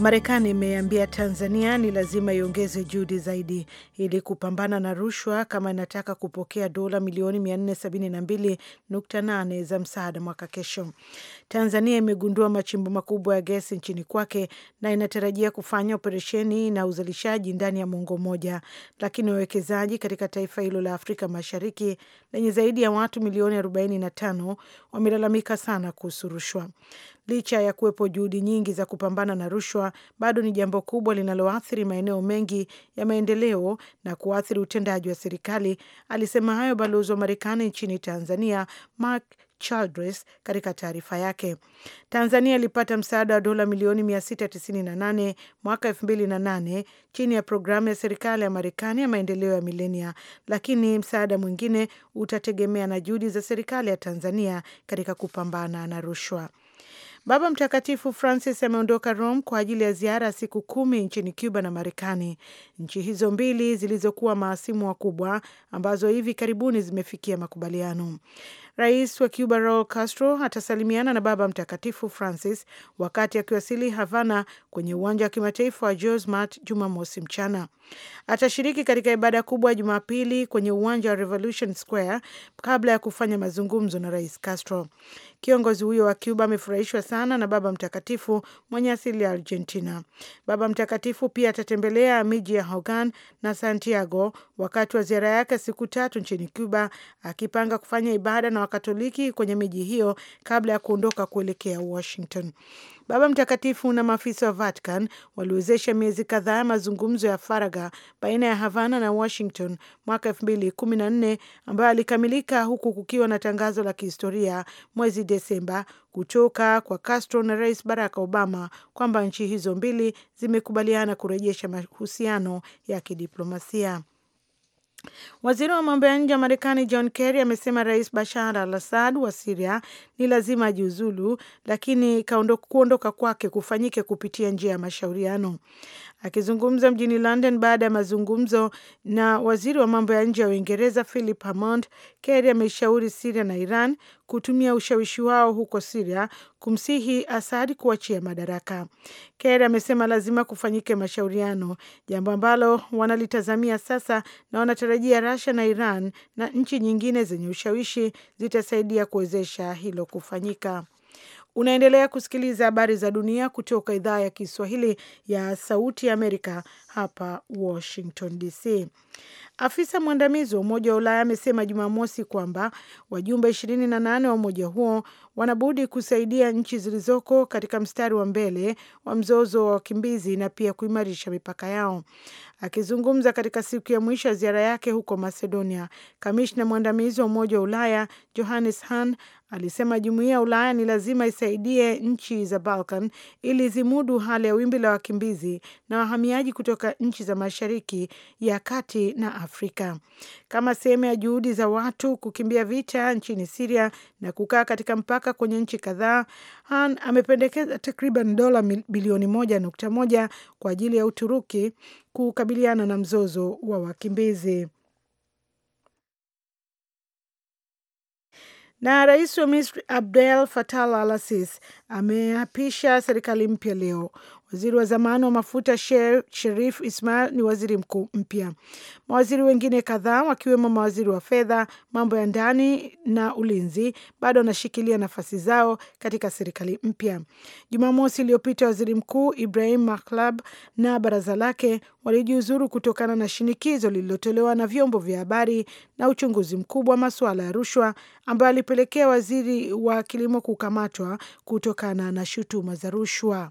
Marekani imeambia Tanzania ni lazima iongeze juhudi zaidi ili kupambana na rushwa kama inataka kupokea dola milioni 472.8 za msaada mwaka kesho. Tanzania imegundua machimbo makubwa ya gesi nchini kwake na inatarajia kufanya operesheni na uzalishaji ndani ya mwongo mmoja, lakini wawekezaji katika taifa hilo la Afrika Mashariki lenye zaidi ya watu milioni 45 wamelalamika sana kuhusu rushwa. Licha ya kuwepo juhudi nyingi za kupambana na rushwa, bado ni jambo kubwa linaloathiri maeneo mengi ya maendeleo na kuathiri utendaji wa serikali. Alisema hayo balozi wa Marekani nchini Tanzania Mark Childress katika taarifa yake. Tanzania ilipata msaada wa dola milioni 698 mwaka 2008 chini ya programu ya serikali ya Marekani ya maendeleo ya milenia, lakini msaada mwingine utategemea na juhudi za serikali ya Tanzania katika kupambana na rushwa. Baba Mtakatifu Francis ameondoka Rome kwa ajili ya ziara ya siku kumi nchini Cuba na Marekani, nchi hizo mbili zilizokuwa maasimu wakubwa ambazo hivi karibuni zimefikia makubaliano. Rais wa Cuba Raul Castro atasalimiana na Baba Mtakatifu Francis wakati akiwasili Havana kwenye uwanja wa kimataifa wa Jos Mart Jumamosi mchana. Atashiriki katika ibada kubwa Jumapili kwenye uwanja wa Revolution Square kabla ya kufanya mazungumzo na Rais Castro. Kiongozi huyo wa Cuba amefurahishwa sana na Baba Mtakatifu mwenye asili ya Argentina. Baba Mtakatifu pia atatembelea miji ya Hogan na Santiago wakati wa ziara yake siku tatu nchini Cuba, akipanga kufanya ibada na Wakatoliki kwenye miji hiyo kabla ya kuondoka kuelekea Washington. Baba Mtakatifu na maafisa wa Vatican waliwezesha miezi kadhaa ya mazungumzo ya faraga baina ya Havana na Washington mwaka elfu mbili kumi na nne ambayo alikamilika huku kukiwa na tangazo la kihistoria mwezi Desemba kutoka kwa Castro na Rais Barack Obama kwamba nchi hizo mbili zimekubaliana kurejesha mahusiano ya kidiplomasia. Waziri wa mambo ya nje wa Marekani John Kerry amesema Rais Bashar al Assad wa Siria ni lazima ajiuzulu, lakini kuondoka kwake kufanyike kupitia njia ya mashauriano. Akizungumza mjini London baada ya mazungumzo na waziri wa mambo ya nje ya Uingereza Philip Hammond, Kerry ameshauri Siria na Iran kutumia ushawishi wao huko Siria kumsihi Asad kuachia madaraka. Kerry amesema lazima kufanyike mashauriano, jambo ambalo wanalitazamia sasa, na wanatarajia Russia na Iran na nchi nyingine zenye ushawishi zitasaidia kuwezesha hilo kufanyika. Unaendelea kusikiliza habari za dunia kutoka idhaa ya Kiswahili ya Sauti ya Amerika hapa Washington DC. Afisa mwandamizi wa Umoja wa Ulaya amesema Jumamosi kwamba wajumbe 28 wa umoja huo wanabudi kusaidia nchi zilizoko katika mstari wa mbele wa mzozo wa wakimbizi na pia kuimarisha mipaka yao. Akizungumza katika siku ya mwisho ya ziara yake huko Macedonia, kamishna mwandamizi wa Umoja wa Ulaya Johannes Hahn alisema jumuiya ya Ulaya ni lazima isaidie nchi za Balkan ili zimudu hali ya wimbi la wakimbizi na wahamiaji kutoka nchi za Mashariki ya Kati na Afrika. Kama sehemu ya juhudi za watu kukimbia vita nchini Siria na kukaa katika mpaka mpaka kwenye nchi kadhaa. Han amependekeza takriban dola bilioni moja nukta moja kwa ajili ya Uturuki kukabiliana na mzozo wa wakimbizi. Na rais wa Misri Abdel Fattah al-Sisi ameapisha serikali mpya leo. Waziri wa zamani wa mafuta Sherif Ismail ni waziri mkuu mpya. Mawaziri wengine kadhaa wakiwemo mawaziri wa fedha, mambo ya ndani na ulinzi bado wanashikilia nafasi zao katika serikali mpya. Jumamosi iliyopita, waziri mkuu Ibrahim Maklab na baraza lake walijiuzuru kutokana na shinikizo lililotolewa na vyombo vya habari na uchunguzi mkubwa wa masuala ya rushwa ambayo alipelekea waziri wa kilimo kukamatwa kutokana na shutuma za rushwa.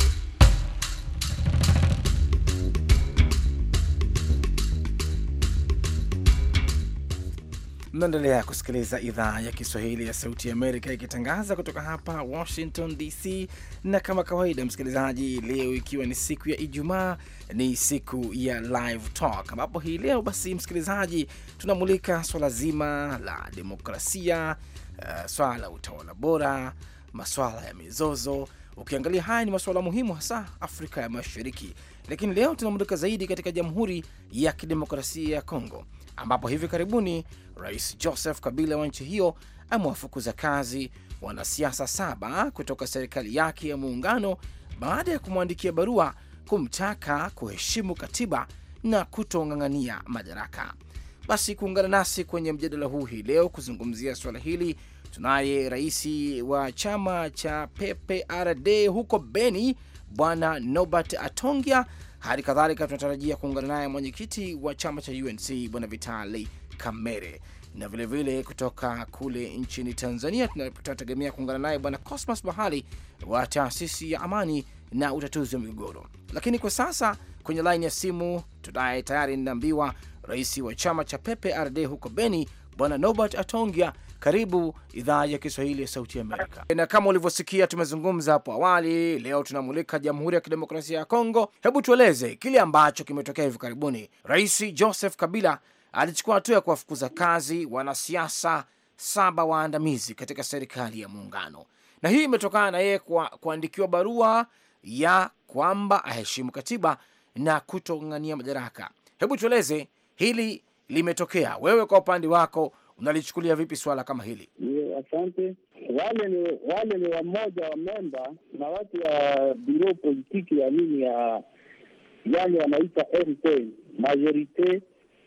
Mnaendelea kusikiliza idhaa ya Kiswahili ya Sauti ya Amerika ikitangaza kutoka hapa Washington DC, na kama kawaida, msikilizaji, leo ikiwa ni siku ya Ijumaa, ni siku ya Live Talk, ambapo hii leo basi, msikilizaji, tunamulika swala zima la demokrasia, uh, swala la utawala bora, maswala ya mizozo Ukiangalia haya ni masuala muhimu hasa Afrika ya Mashariki, lakini leo tunamulika zaidi katika Jamhuri ya Kidemokrasia ya Kongo, ambapo hivi karibuni Rais Joseph Kabila wa nchi hiyo amewafukuza kazi wanasiasa saba kutoka serikali yake ya muungano baada ya kumwandikia barua kumtaka kuheshimu katiba na kutong'ang'ania madaraka. Basi kuungana nasi kwenye mjadala huu hii leo kuzungumzia suala hili tunaye rais wa chama cha PPRD huko Beni, Bwana Nobert Atongia. Hali kadhalika tunatarajia kuungana naye mwenyekiti wa chama cha UNC Bwana Vitali Kamere na vilevile vile kutoka kule nchini Tanzania tunategemea kuungana naye Bwana Cosmas Bahali wa taasisi ya amani na utatuzi wa migogoro. Lakini kwa sasa kwenye laini ya simu tunaye tayari, ninaambiwa rais wa chama cha Pepe RD huko Beni, Bwana Nobert Atongia. Karibu idhaa ya Kiswahili ya Sauti Amerika. Na kama ulivyosikia, tumezungumza hapo awali, leo tunamulika Jamhuri ya Kidemokrasia ya Kongo. Hebu tueleze kile ambacho kimetokea hivi karibuni, Rais Joseph Kabila alichukua hatua ya kuwafukuza kazi wanasiasa saba waandamizi katika serikali ya muungano, na hii imetokana na yeye kuandikiwa barua ya kwamba aheshimu katiba na kutongania madaraka. Hebu tueleze hili limetokea, wewe kwa upande wako unalichukulia vipi swala kama hili? Asante. Wale ni wale ni wamoja wa memba na watu wa biro politiki ya nini ya yani wanaita majorite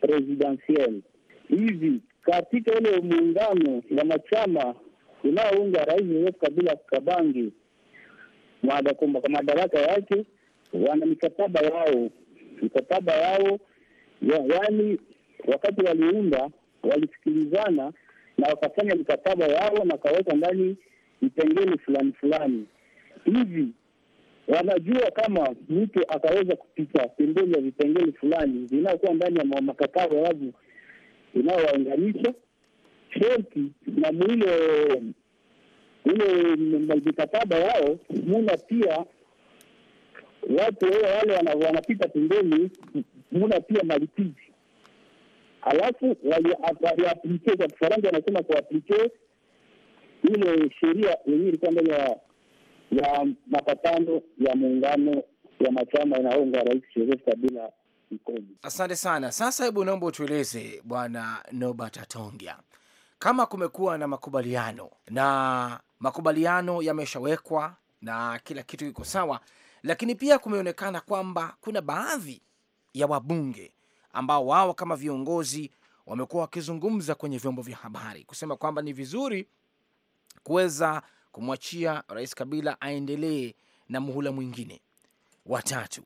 presidentiel. Hivi katika ile muungano wa machama unaounga Rais Joseph Kabila Kabangi kwa madaraka yake, wana mikataba yao, mikataba yao ya, yani wakati waliunda walisikilizana na wakafanya mikataba yao na wakaweka ndani vipengele fulani fulani hivi wanajua kama mtu akaweza kupita pembeni ya vipengele fulani vinayokuwa ndani ya makataba wavu inayowaunganisha sherti na mwile ule mikataba yao muna pia watu wale wanapita pembeni, muna pia malipizi. Alafu waliaplike kwa kifaranja wanasema kuaplike ile sheria yenyewe ilikuwa ndani ya ya mapatano ya muungano ya machama inayounga Rais Joseph Kabila mkono. Asante sana. Sasa hebu naomba utueleze Bwana Nobert Atongia, kama kumekuwa na makubaliano na makubaliano yameshawekwa na kila kitu kiko sawa, lakini pia kumeonekana kwamba kuna baadhi ya wabunge ambao wao kama viongozi wamekuwa wakizungumza kwenye vyombo vya habari kusema kwamba ni vizuri kuweza kumwachia Rais Kabila aendelee na muhula mwingine watatu.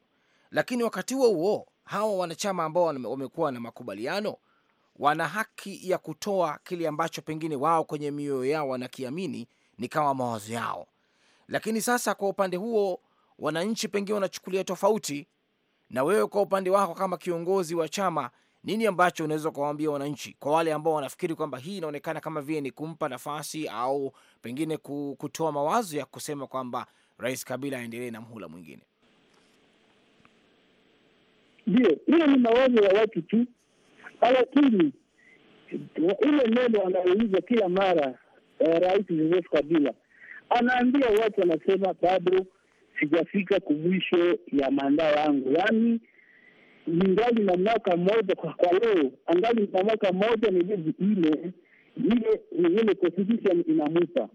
Lakini wakati huo huo hawa wanachama ambao wamekuwa na makubaliano wana haki ya kutoa kile ambacho pengine wao kwenye mioyo yao wanakiamini ni kama mawazo yao. Lakini sasa kwa upande huo wananchi pengine wanachukulia tofauti, na wewe kwa upande wako kama kiongozi wa chama nini ambacho unaweza kuwaambia wananchi, kwa wale ambao wanafikiri kwamba hii inaonekana kama vile ni kumpa nafasi au pengine kutoa mawazo ya kusema kwamba Rais Kabila aendelee na mhula mwingine? Ndio, hiyo ni mawazo ya watu tu, lakini ile neno anayouza kila mara eh, Rais Joseph Kabila anaambia watu, anasema bado sijafika kumwisho ya mandaa yangu, yaani ningali na mwaka mmoja kwa, kwa leo angali na mwaka mmoja ni miezi ile ile ile constitution inamupa.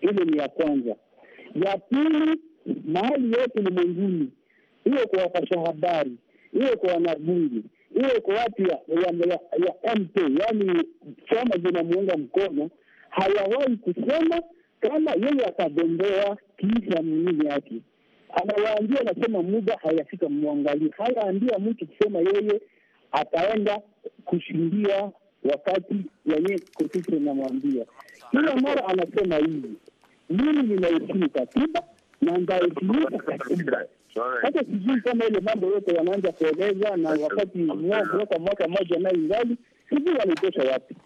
Ile ni ya kwanza. Ya pili, mahali yote mwingine, hiyo kwa wapasha habari, hiyo kwa wanabunge, hiyo kwa watu ya, ya, ya MP, yaani chama zinamuunga mkono, hayawahi kusema kama yeye atagombea kiisha mingine yake anawaambia, anasema muda hayafika, mwangalie hayaambia mtu kusema yeye ataenda kushindia wakati wenye constitution Namwambia Kila mara anasema hivi, mimi ninaheshimu katiba na nitaheshimisha katiba. Hata sijui kama ile mambo yote wanaanza kueleza na wakati mwaka mwaka mmoja naye ngali, sijui wanaitosha wapi,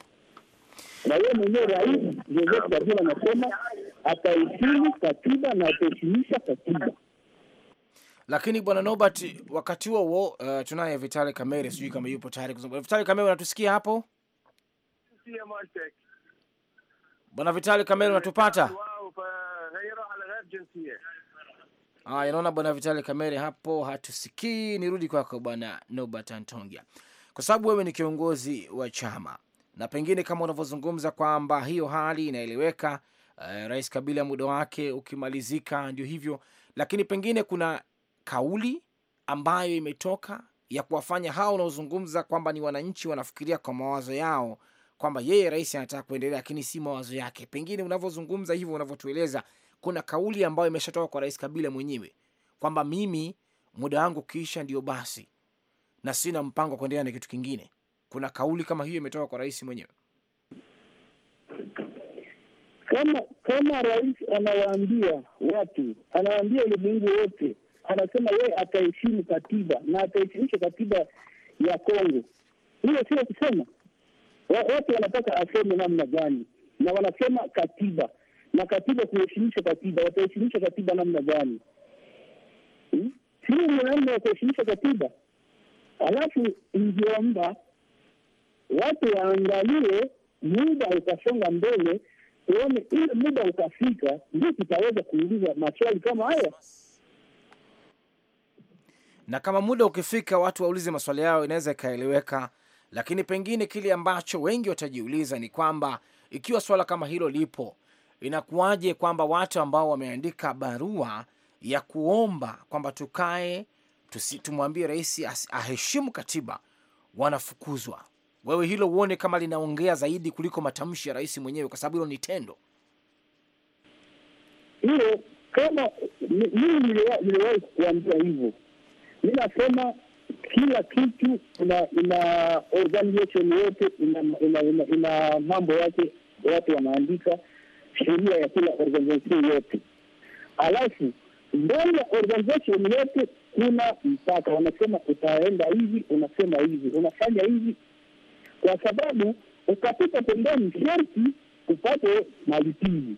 na yeye mwenyewe Rais Joseph Kabila anasema ataheshimu katiba na ataheshimisha katiba. Lakini bwana Nobert, wakati huo huo uh, tunaye Vitali Kamere, sijui kama yupo tayari kuzungumza. Vitali Kamere, unatusikia hapo? Bwana Vitali Kamere, unatupata? Uh, Haya, naona bwana Vitali Kamere hapo hatusikii. Nirudi kwako bwana Nobert Antongia, kwa sababu wewe ni kiongozi wa chama na pengine kama unavyozungumza kwamba hiyo hali inaeleweka. Uh, Rais Kabila muda wake ukimalizika ndio hivyo, lakini pengine kuna kauli ambayo imetoka ya kuwafanya hao wanaozungumza kwamba ni wananchi wanafikiria kwa mawazo yao kwamba yeye rais anataka kuendelea, lakini si mawazo yake. Pengine unavyozungumza hivyo, unavyotueleza, kuna kauli ambayo imeshatoka kwa Rais Kabila mwenyewe kwamba mimi muda wangu kiisha ndio basi, na sina mpango wa kuendelea na kitu kingine. Kuna kauli kama hiyo imetoka kwa rais mwenyewe. Kama kama rais anawaambia watu, anawaambia ulimwengu wote anasema yeye ataheshimu katiba na ataheshimisha katiba ya Kongo. Hiyo sio kusema, watu wanataka aseme namna gani, na wanasema katiba na katiba, kuheshimisha katiba, wataheshimisha katiba namna gani? Hmm? Sio namna wa kuheshimisha katiba. Alafu ingiomba watu waangalie muda utasonga mbele, tuone ile muda utafika, ndio tutaweza kuuliza maswali kama haya na kama muda ukifika watu waulize maswali yao, inaweza ikaeleweka. Lakini pengine kile ambacho wengi watajiuliza ni kwamba ikiwa swala kama hilo lipo, inakuwaje kwamba watu ambao wameandika barua ya kuomba kwamba tukae tumwambie rais aheshimu katiba wanafukuzwa? Wewe hilo uone kama linaongea zaidi kuliko matamshi ya rais mwenyewe, kwa sababu hilo ni tendo hilo. Kama mimi niliwahi kuambia hivyo mi nasema kila kitu ina ina organization yote ina ina, ina, ina mambo yake, watu wanaandika sheria ya kila organization yote, alafu ndani ya organization yote kuna mpaka, wanasema utaenda hivi, unasema hivi, unafanya hivi, kwa sababu ukapita pembeni sherti upate malipizi,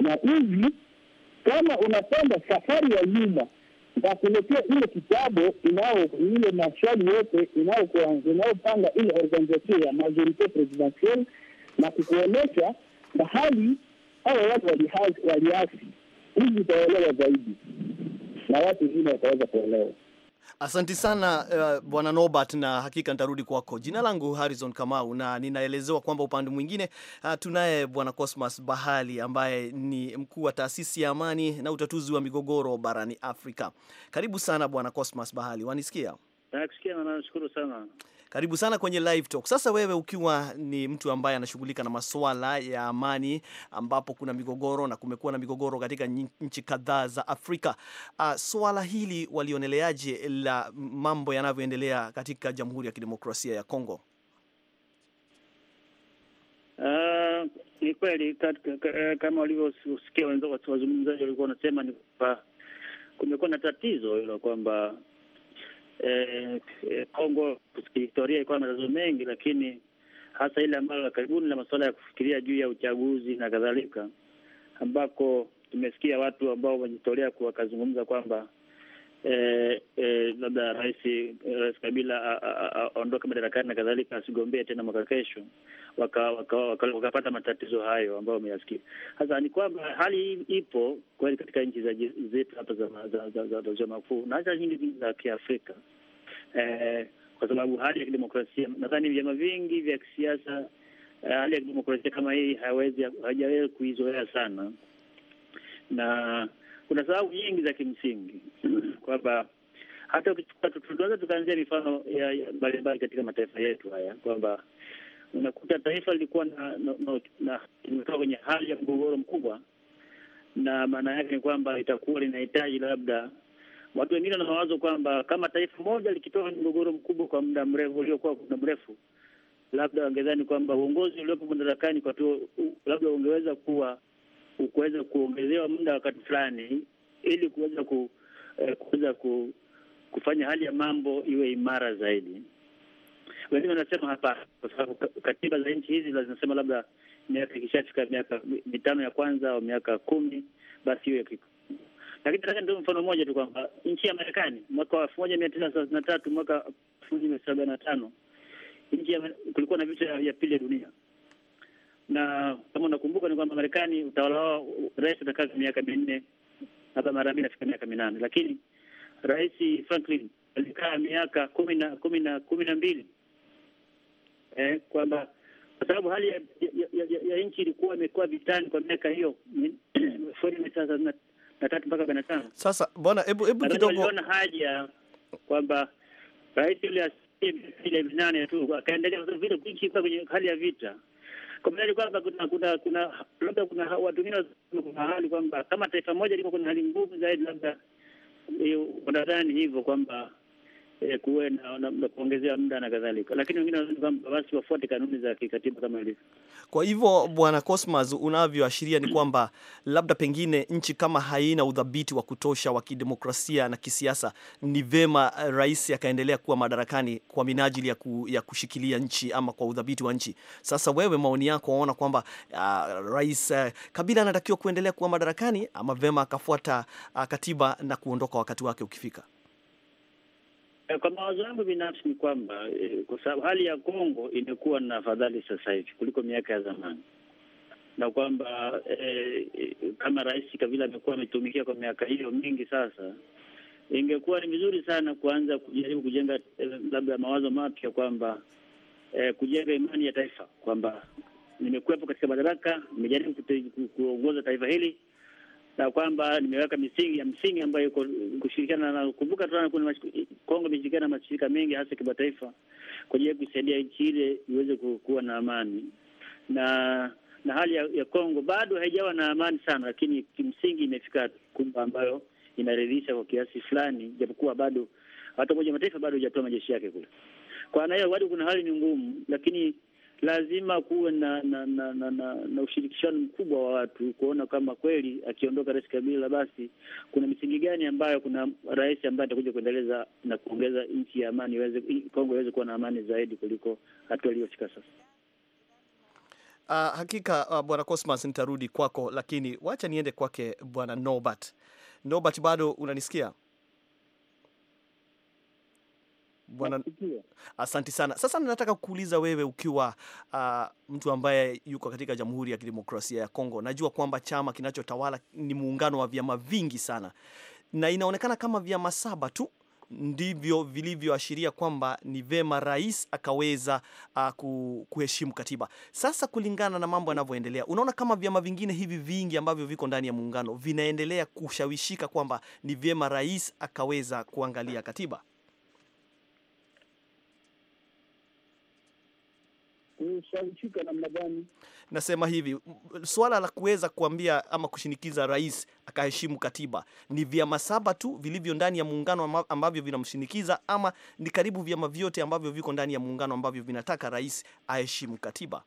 na hivi kama unapenda safari ya nyuma nakuletea ile kitabu inao ile maswali yote inayopanga ile organisation ya majorite presidentielle na kukuonyesha mahali hawa watu waliasi, hizi itaelewa zaidi na watu wengine wataweza kuelewa. Asanti sana uh, bwana Norbert, na hakika nitarudi kwako. Jina langu Harrison Kamau, na ninaelezewa kwamba upande mwingine uh, tunaye bwana Cosmas Bahali ambaye ni mkuu wa taasisi ya amani na utatuzi wa migogoro barani Afrika. Karibu sana bwana Cosmas Bahali, wanisikia? Nakusikia na nashukuru sana. Karibu sana kwenye live talk. Sasa wewe ukiwa ni mtu ambaye anashughulika na masuala ya amani, ambapo kuna migogoro na kumekuwa na migogoro katika nchi kadhaa za Afrika, uh, swala hili walioneleaje la mambo yanavyoendelea katika Jamhuri ya Kidemokrasia ya Kongo? Uh, ni kweli kama walivyosikia wenzao wazungumzaji walikuwa wanasema ni kwamba kumekuwa na tatizo hilo kwamba eh, Kongo kihistoria ilikuwa na matatizo mengi, lakini hasa ile ambalo la karibuni la masuala ya kufikiria juu ya uchaguzi na kadhalika, ambako tumesikia watu ambao wamejitolea wakazungumza kwamba eh, eh, labda rais eh, Rais Kabila aondoke madarakani na kadhalika, asigombee tena mwaka kesho, wakapata waka, waka, waka matatizo hayo ambayo wameyasikia. Sasa ni kwamba hali ipo kweli katika nchi zetu hapa za maziwa makuu na hata nyingi za Kiafrika eh, kwa sababu hali ya kidemokrasia, nadhani vyama vingi vya kisiasa eh, hali ya kidemokrasia kama hii hawezi hawajaweza kuizoea sana na kuna sababu nyingi za kimsingi kwamba hata tunaweza tukaanzia mifano mbalimbali katika mataifa yetu haya kwamba unakuta taifa lilikuwa na na kwenye hali ya mgogoro mkubwa, na maana yake ni kwamba litakuwa linahitaji labda, watu wengine wana mawazo kwamba kama taifa moja likitoka kwenye mgogoro mkubwa kwa muda mrefu uliokuwa muda mrefu, labda wangedhani kwamba uongozi uliopo madarakani kwa tu labda ungeweza kuwa kuweza kuongezewa muda wakati fulani, ili kuweza ku, eh, kuweza ku, kufanya hali ya mambo iwe imara zaidi. Wengine wanasema hapa, kwa sababu katiba za nchi hizi zinasema labda miaka ikishafika miaka mitano ya kwanza au miaka kumi basi hiyo lakini nataka ndio mfano mmoja tu kwamba nchi ya Marekani mwaka wa elfu moja mia tisa thelathini na tatu mwaka elfu moja mia tisa na tano nchi kulikuwa na vita ya pili ya dunia na kama unakumbuka ni kwamba Marekani utawala wao rais atakaa miaka minne hata mara mbili nafika miaka minane, lakini rais Franklin alikaa miaka kumi na kumi na kumi na mbili eh, kwamba kwa sababu hali ya, ya, ya, ya ya nchi ilikuwa imekuwa vitani kwa miaka hiyo elfu mia tisa na tatu mpaka arobaini na tano. Sasa bwana, hebu hebu kidogo, aliona haja kwamba rais yule asiye miaka minane tu akaendelea, kwa sababu vita nchi ilikuwa kwenye hali ya vita kwa maana kwamba kuna kuna kuna labda kuna watu watumia kuna hali kwamba kama taifa moja liko kwenye hali ngumu zaidi, labda eh, wanadhani hivyo kwamba eh, kuwe na, na, na kuongezea muda na kadhalika, lakini wengine wanaona kwamba basi wafuate kanuni za kikatiba kama ilivyo. Kwa hivyo Bwana Cosmas, unavyoashiria ni kwamba labda pengine nchi kama haina udhabiti wa kutosha wa kidemokrasia na kisiasa, ni vema eh, rais akaendelea kuwa madarakani kwa minajili ya, ku, ya kushikilia nchi ama kwa udhabiti wa nchi. Sasa wewe, maoni yako, waona kwamba uh, rais uh, Kabila anatakiwa kuendelea kuwa madarakani ama vema akafuata uh, katiba na kuondoka wakati wake ukifika? Eh, kwa mawazo yangu binafsi ni kwamba eh, kwa sababu hali ya Kongo imekuwa na afadhali sasa hivi kuliko miaka ya zamani, na kwamba eh, kama rais Kabila amekuwa ametumikia kwa miaka hiyo mingi sasa, ingekuwa ni vizuri sana kuanza kujaribu kujenga eh, labda mawazo mapya kwamba eh, kujenga imani ya taifa kwamba nimekuwepo katika madaraka, nimejaribu kuongoza taifa hili na kwamba nimeweka misingi ya msingi ambayo iko kushirikiana na kumbuka, tuna Kongo imeshirikiana na mashirika mengi hasa kimataifa kwa ajili ya kusaidia nchi ile iweze kuwa na amani na na hali ya, ya Kongo bado haijawa na amani sana, lakini kimsingi imefika kumba ambayo inaridhisha kwa kiasi fulani, japokuwa bado hata Umoja Mataifa bado hajatoa majeshi yake kule. Kwa hiyo bado kuna hali ni ngumu, lakini lazima kuwe na na, na, na, na, na ushirikishano mkubwa wa watu kuona kama kweli akiondoka Rais Kabila, basi kuna misingi gani ambayo kuna rais ambaye atakuja kuendeleza na kuongeza nchi ya amani iweze, Kongo iweze kuwa na amani zaidi kuliko hatua iliyofika sasa. Uh, hakika uh, Bwana Cosmas nitarudi kwako, lakini wacha niende kwake Bwana Norbert. Norbert, bado unanisikia? Bwana, asanti sana. Sasa nataka kuuliza wewe, ukiwa uh, mtu ambaye yuko katika Jamhuri ya Kidemokrasia ya Kongo, najua kwamba chama kinachotawala ni muungano wa vyama vingi sana, na inaonekana kama vyama saba tu ndivyo vilivyoashiria kwamba ni vema rais akaweza uh, kuheshimu katiba. Sasa kulingana na mambo yanavyoendelea, unaona kama vyama vingine hivi vingi ambavyo viko ndani ya muungano vinaendelea kushawishika kwamba ni vyema rais akaweza kuangalia katiba. kushawishika namna gani? Nasema hivi, swala la kuweza kuambia ama kushinikiza rais akaheshimu katiba, ni vyama saba tu vilivyo ndani ya muungano ambavyo vinamshinikiza, ama ni karibu vyama vyote ambavyo viko ndani ya muungano ambavyo vinataka rais aheshimu katiba?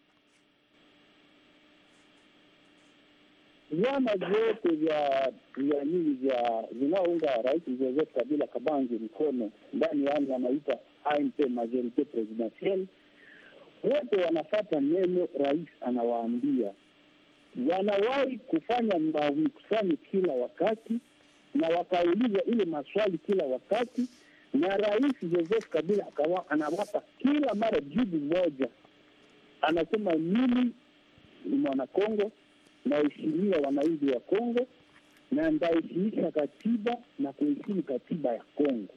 Vyama vyote vya vya nini vya vinaounga rais Joseph Kabila Kabange mkono ndani, yani anaita AMP majorite presidentielle wote wanafata neno rais anawaambia. Wanawahi kufanya mikusanyo kila wakati na wakauliza ile maswali kila wakati, na rais Joseph Kabila akawa anawapa kila mara jibu moja, anasema mimi ni Mwanakongo, naheshimia wananchi wa Kongo na ndaheshimisha katiba na kuheshimu katiba ya Kongo.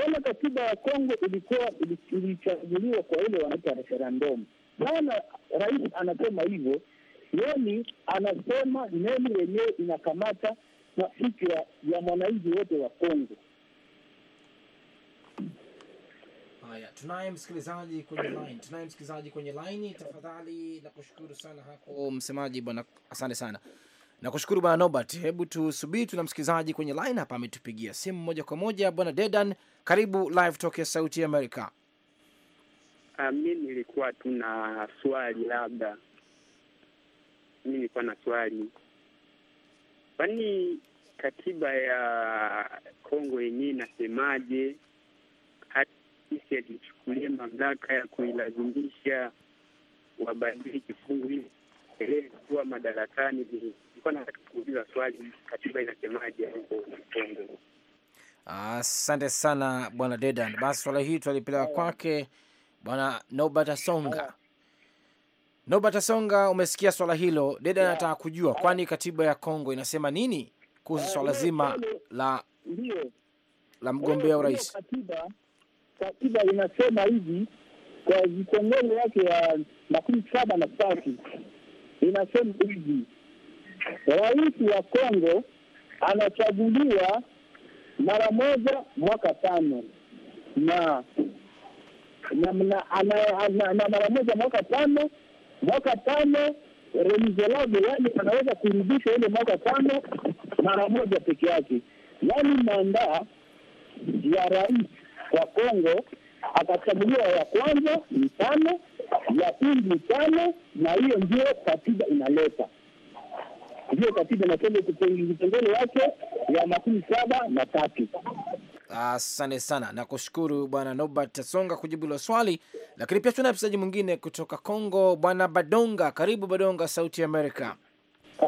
Wala katiba ya Kongo ilikuwa ilichaguliwa kwa ile wanaita referendum. Bwana rais anasema hivyo, yani anasema neno yenyewe inakamata na fikra ya mwananchi wote wa Kongo. Haya, tunaye msikilizaji kwenye line, tunaye msikilizaji kwenye line. Tafadhali nakushukuru sana hapo msemaji bwana, asante sana. Nakushukuru bwana Nobert. Hebu tusubiri, tuna msikilizaji kwenye line hapa, ametupigia simu moja kwa moja. Bwana Dedan, karibu live talk ya Sauti Amerika. Ah, mi nilikuwa tu na swali, labda mi nilikuwa na swali, kwani katiba ya Kongo yenyewe inasemaje hata sisi alichukulia mamlaka ya kuilazimisha wabadili kifungu hili kuwa madarakani? Nilikuwa nataka kuuliza swali, katiba inasemaje huko Kongo? Asante sana bwana Dedan. Basi swala hili tutalipelewa kwake bwana Nobata Songa. Nobata Songa, umesikia swala hilo Dedan anataka kujua kwani katiba ya Kongo inasema nini kuhusu ah, swala zima la la mgombea urais. Katiba, katiba inasema hivi kwa vipengele yake ya makumi saba na tatu inasema hivi rais wa Kongo anachaguliwa mara moja mwaka tano na na, na mara moja mwaka tano mwaka tano remizelago, yani anaweza kurudisha ile mwaka tano mara moja peke yake, yani mandaa ya rais wa Kongo akachaguliwa ya kwanza ni tano, ya pili ni tano, na hiyo ndio katiba inaleta ndiyo katiba inasema kipengele yake ya makumi saba na tatu. Asante sana, nakushukuru Bwana Nobert Tasonga kujibu hilo swali, lakini pia tuna mchezaji mwingine kutoka Kongo, Bwana Badonga. Karibu Badonga, Sauti ya Amerika.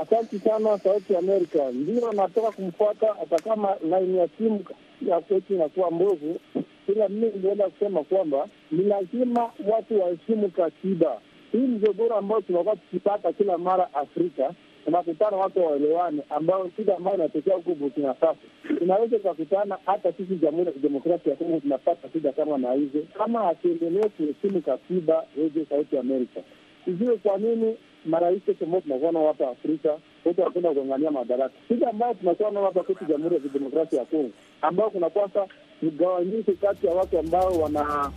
Asante sana Sauti ya Amerika. Ndio nataka kumfuata, hata kama laini ya simu ya kwetu inakuwa mbovu, ila mimi ningeenda kusema kwamba ni lazima watu waheshimu katiba hii. Mzogoro ambao tunakuwa tukipata kila mara Afrika unakutana watu waelewane, ambao shida ambayo inatokea huku Burkina Faso tunaweza tukakutana hata sisi Jamhuri ya Kidemokrasia ya Kongo tunapata shida kama na hizo, kama hatuendelee kuheshimu katiba. Redio Sauti Amerika sijue kwa nini marais ambao tunakuwa nao hapa Afrika wote wanapenda kung'ang'ania madaraka. Shida ambayo tunakuwa nao hapa kwetu Jamhuri ya Kidemokrasia ya Kongo ambayo kunakwasa sasa mgawanyiko kati ya watu ambao wana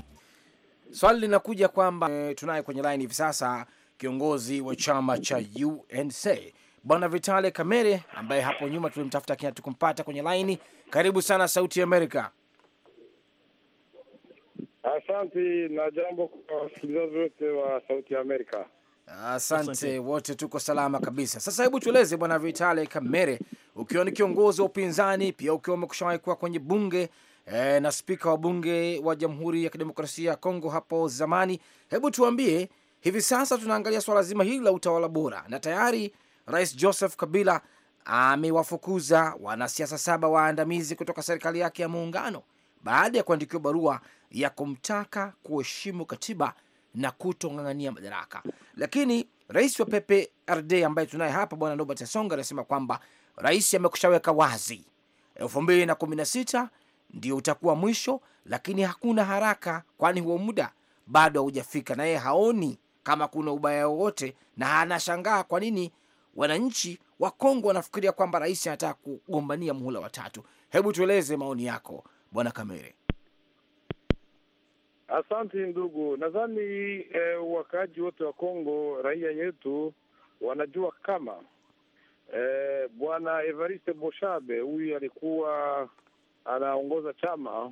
swali linakuja kwamba e, tunaye kwenye laini hivi sasa kiongozi wa chama cha UNC Bwana Vitale Kamere, ambaye hapo nyuma tulimtafuta kina tukumpata kwenye laini. Karibu sana Sauti ya Amerika. Asante na jambo kwa wasikilizaji wote wa Sauti ya Amerika. Asante, asante wote, tuko salama kabisa. Sasa hebu tueleze Bwana Vitale Kamere, ukiwa ni kiongozi wa upinzani pia ukiwa umekushawahi kuwa kwenye bunge e, na spika wa bunge wa Jamhuri ya Kidemokrasia ya Kongo hapo zamani, hebu tuambie Hivi sasa tunaangalia swala zima hili la utawala bora, na tayari Rais Joseph Kabila amewafukuza wanasiasa saba waandamizi kutoka serikali yake ya muungano baada ya kuandikiwa barua ya kumtaka kuheshimu katiba na kutong'ang'ania madaraka. Lakini rais wa Pepe RD ambaye tunaye hapa bwana Robert Asonga anasema kwamba rais amekushaweka wazi elfu mbili na kumi na sita ndio utakuwa mwisho, lakini hakuna haraka, kwani huo muda bado haujafika, na yeye haoni kama kuna ubaya wowote, na anashangaa kwa nini wananchi wa Kongo wanafikiria kwamba rais anataka kugombania muhula watatu. Hebu tueleze maoni yako Bwana Kamere. Asante ndugu, nadhani eh, wakaaji wote wa Kongo, raia yetu wanajua kama eh, bwana Evariste Boshabe huyu alikuwa anaongoza chama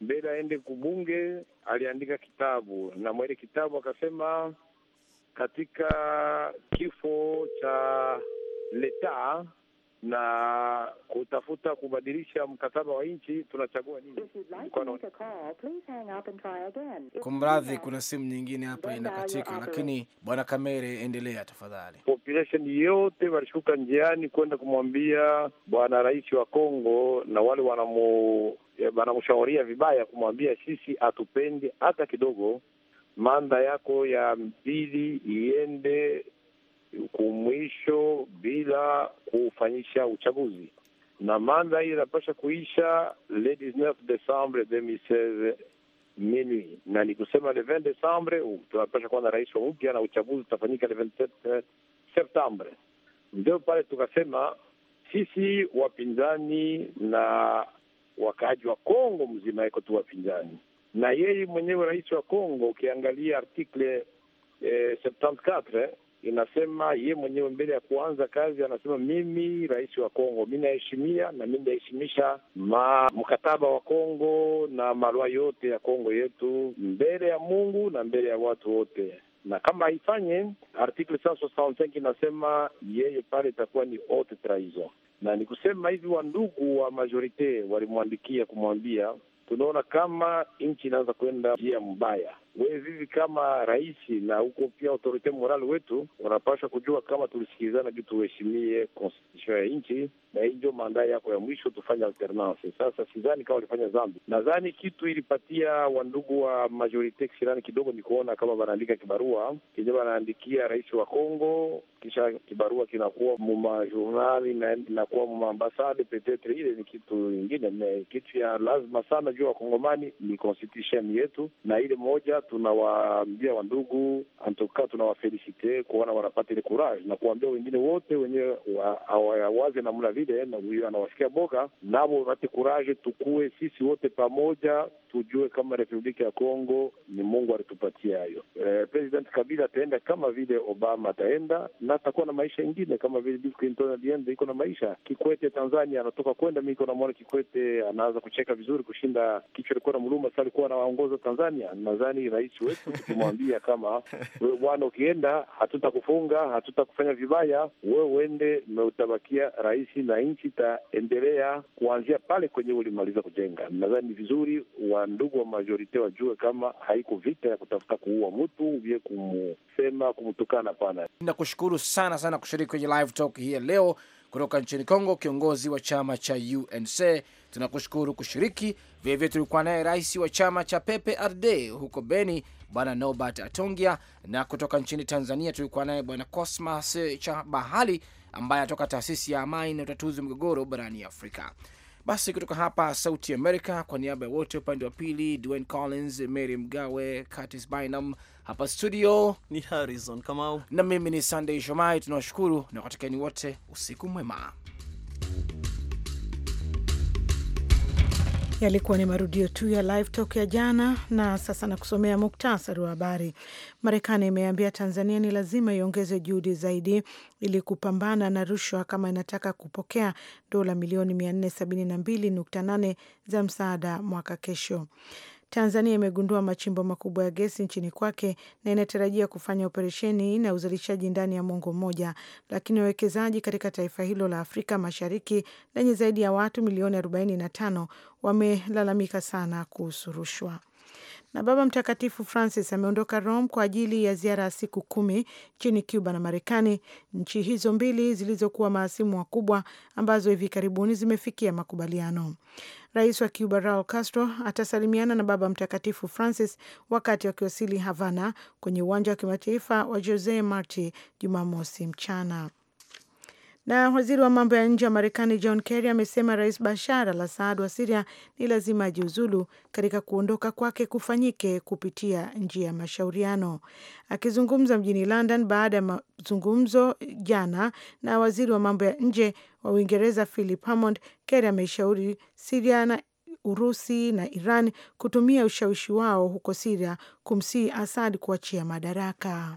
mbele aende kubunge aliandika kitabu, na mwele kitabu akasema katika kifo cha leta na kutafuta kubadilisha mkataba wa nchi, tunachagua nini? Kumradhi, kuna simu nyingine hapa inakatika, lakini bwana Kamere, endelea tafadhali. Population yote walishuka njiani kwenda kumwambia bwana rais wa Kongo, na wale wanamu eh, wanamshauria vibaya, kumwambia sisi hatupendi hata kidogo, manda yako ya mbili iende kumwisho bila kufanyisha uchaguzi, na manda hii inapasha kuisha le 19 Desembre 2016 minuit, na ni kusema le 20 Desembre tunapasha kuwa na rais wa mpya na uchaguzi utafanyika le 27 euh, Septembre. Ndio pale tukasema sisi wapinzani na wakaaji wa Kongo mzima iko tu wapinzani na yeye mwenyewe rais wa Kongo, ukiangalia article eh, 74 inasema ye mwenyewe mbele ya kuanza kazi anasema, mimi rais wa Kongo, mi naheshimia na mi naheshimisha mkataba wa Kongo na marua yote ya Kongo yetu mbele ya Mungu na mbele ya watu wote na kama haifanye article 165 inasema yeye pale itakuwa ni haute trahison. Na ni kusema hivi, wandugu wa majorite walimwandikia kumwambia, tunaona kama nchi inaanza kwenda njia mbaya, wewe vivi kama rais na huko pia autorite morale wetu wanapaswa kujua kama tulisikilizana juu tuheshimie konstitution ya nchi, na hii ndio mandaa yako ya mwisho, tufanye alternance. Sasa sidhani kama walifanya zambi, nadhani kitu ilipatia wandugu wa majorite kisirani kidogo ni kuona kama wanaandika kibarua kenye wanaandikia rais wa Kongo, kisha kibarua kinakuwa mumajurnali na inakuwa mumaambasade petetre, ile ni kitu ingine. Kitu ya lazima sana juu wakongomani ni konstitution yetu na ile moja tunawaambia wandugu antoka, tunawafelisite kuona wanapata ile courage na kuambia wengine wote wenyewe hawawaze wa, namna vile na huyo anawasikia boga navo wapate courage, tukue sisi wote pamoja, tujue kama Republiki ya Kongo ni Mungu alitupatia hayo. Eh, President Kabila ataenda kama vile Obama ataenda na atakuwa na maisha ingine kama vile Bill Clinton alienda, iko na maisha. Kikwete Tanzania anatoka kwenda, mi iko namwona Kikwete anaanza kucheka vizuri kushinda kichwa, alikuwa na mluma, sa alikuwa anawaongoza Tanzania nadhani rais wetu tukimwambia kama wewe bwana, ukienda hatutakufunga, hatutakufanya vibaya, wewe uende meutabakia utabakia rais na nchi itaendelea kuanzia pale kwenye ulimaliza kujenga. Nadhani ni vizuri wa ndugu wa majorite wajue kama haiko vita ya kutafuta kuua mtu vye kumsema kumtukana. Pana nakushukuru sana sana kushiriki kwenye live talk hii leo kutoka nchini Kongo, kiongozi wa chama cha UNC Tunakushukuru kushiriki. Vilevile tulikuwa naye rais wa chama cha Pepe huko Beni, bwana Nobert Atongia, na kutoka nchini Tanzania tulikuwa naye bwana Cosmas cha Bahali ambaye anatoka taasisi ya amani na utatuzi wa migogoro barani Afrika. Basi kutoka hapa Sauti Amerika, kwa niaba ya wote upande wa pili, Dwayne Collins, Mary Mgawe, Curtis Bynum, hapa studio ni Harrison Kamau na mimi ni Sunday Shomai. Tunawashukuru na watakieni wote usiku mwema. Yalikuwa ni marudio tu ya live talk ya jana, na sasa nakusomea muktasari wa habari. Marekani imeambia Tanzania ni lazima iongeze juhudi zaidi ili kupambana na rushwa kama inataka kupokea dola milioni 472.8 za msaada mwaka kesho. Tanzania imegundua machimbo makubwa ya gesi nchini kwake na inatarajia kufanya operesheni na uzalishaji ndani ya mwongo mmoja, lakini wawekezaji katika taifa hilo la Afrika Mashariki lenye zaidi ya watu milioni 45 wamelalamika sana kuhusu rushwa. Na Baba Mtakatifu Francis ameondoka Rome kwa ajili ya ziara ya siku kumi nchini Cuba na Marekani, nchi hizo mbili zilizokuwa mahasimu wakubwa ambazo hivi karibuni zimefikia makubaliano. Rais wa Cuba Raul Castro atasalimiana na Baba Mtakatifu Francis wakati wakiwasili Havana kwenye uwanja wa kimataifa wa Jose Marti Jumamosi mchana. Na waziri wa mambo ya nje wa Marekani John Kerry amesema Rais Bashar al Assad wa Siria ni lazima ajiuzulu katika kuondoka kwake kufanyike kupitia njia ya mashauriano. Akizungumza mjini London baada ya mazungumzo jana na waziri wa mambo ya nje wa Uingereza Philip Hammond, Kerry ameshauri Siria na Urusi na Iran kutumia ushawishi wao huko Siria kumsii Assad kuachia madaraka.